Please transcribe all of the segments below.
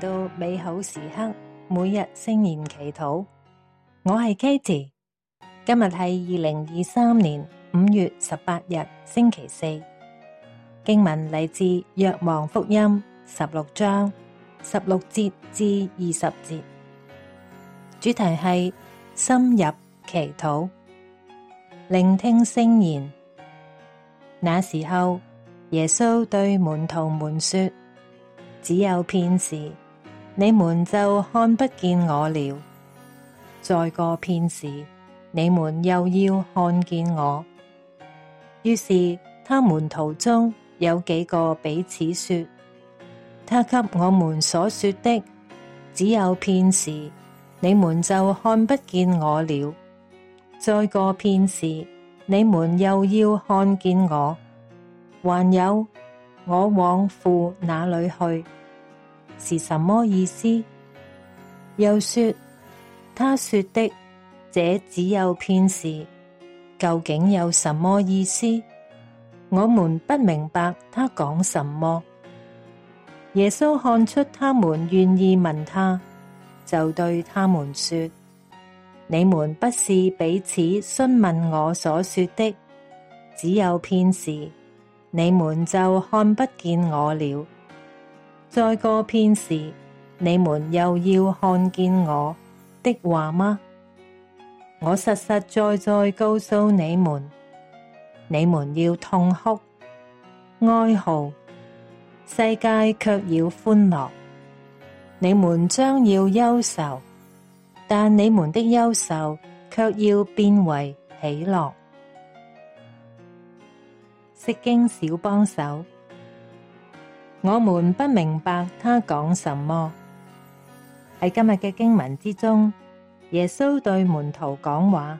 到美好時刻，每日聖言祈禱。我係 Katie，今日係二零二三年五月十八日星期四。經文嚟自《若望福音》十六章十六節至二十節，主題係深入祈禱，聆聽聖言。那時候，耶穌對門徒們說：只有片時。你們就看不見我了。再過片時，你們又要看見我。於是，他門徒中有幾個彼此說：“他給我們所說的只有片時，你們就看不見我了。再過片時，你們又要看見我。還有，我往父那裡去。是什麼意思？又說他說的這只有片時，究竟有什麼意思？我們不明白他講什麼。耶穌看出他們願意問他，就對他們說：你們不是彼此詢問我所說的，只有片時，你們就看不見我了。再過片時，你們又要看見我的話嗎？我實實在在告訴你們，你們要痛哭哀嚎，世界却要歡樂。你們將要憂愁，但你們的憂愁却要變為喜樂。釋經小幫手。我們不明白他講什麼。喺今日嘅經文之中，耶穌對門徒講話，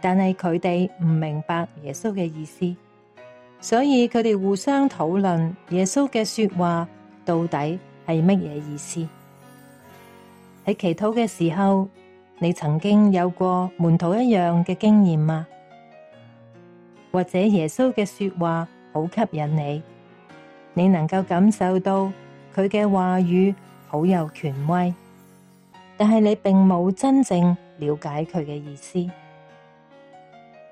但係佢哋唔明白耶穌嘅意思，所以佢哋互相討論耶穌嘅說話到底係乜嘢意思。喺祈禱嘅時候，你曾經有過門徒一樣嘅經驗嗎？或者耶穌嘅說話好吸引你，你能夠感受到佢嘅話語好有權威，但係你並冇真正了解佢嘅意思，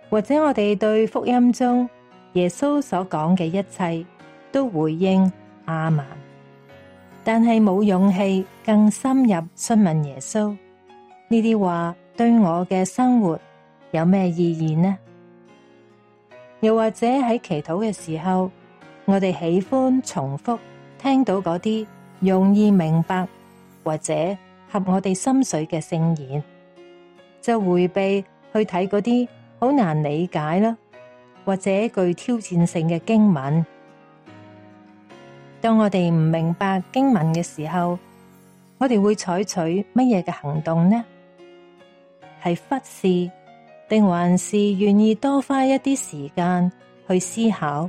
或者我哋對福音中耶穌所講嘅一切都回應阿們，但係冇勇氣更深入詢問耶穌，呢啲話對我嘅生活有咩意義呢？又或者喺祈禱嘅時候？我哋喜歡重複聽到嗰啲容易明白或者合我哋心水嘅聖言，就回避去睇嗰啲好難理解啦，或者具挑戰性嘅經文。當我哋唔明白經文嘅時候，我哋會採取乜嘢嘅行動呢？係忽視，定還是願意多花一啲時間去思考？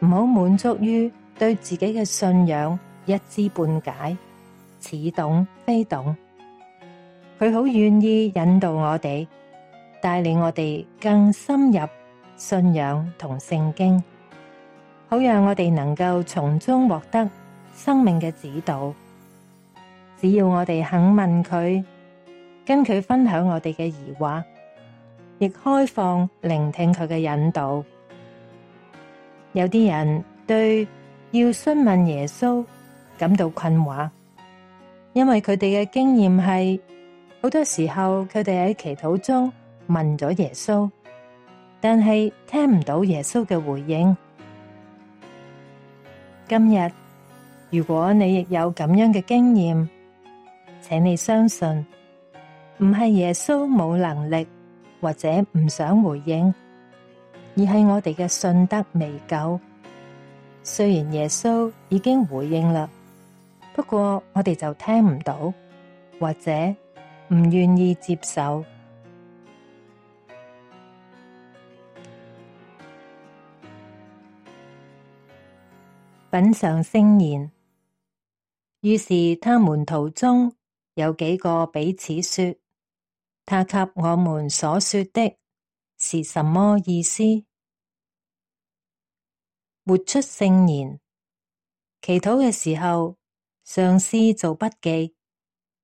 唔好滿足於對自己嘅信仰一知半解，似懂非懂。佢好願意引導我哋，帶領我哋更深入信仰同聖經，好讓我哋能夠從中獲得生命嘅指導。只要我哋肯問佢，跟佢分享我哋嘅疑惑，亦開放聆聽佢嘅引導。有啲人對要詢問耶穌感到困惑，因為佢哋嘅經驗係好多時候佢哋喺祈禱中問咗耶穌，但係聽唔到耶穌嘅回應。今日，如果你亦有咁樣嘅經驗，請你相信，唔係耶穌冇能力，或者唔想回應。而係我哋嘅信德未夠，雖然耶穌已經回應啦，不過我哋就聽唔到，或者唔願意接受。品嚐聖言。於是他門徒中有幾個彼此說：他給我們所說的。是什麼意思？活出聖言，祈禱嘅時候，嘗試做筆記，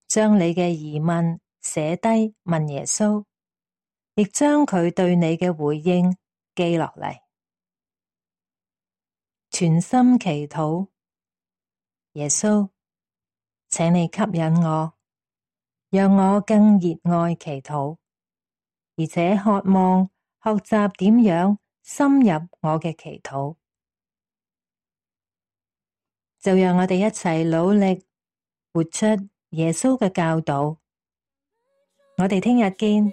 將你嘅疑問寫低，問耶穌，亦將佢對你嘅回應記落嚟。全心祈禱，耶穌，請你吸引我，讓我更熱愛祈禱。而且渴望學習點樣深入我嘅祈禱，就讓我哋一齊努力活出耶穌嘅教導。我哋聽日見。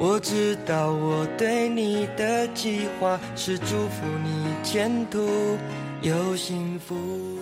我知道我對你的計劃是祝福你前途有幸福。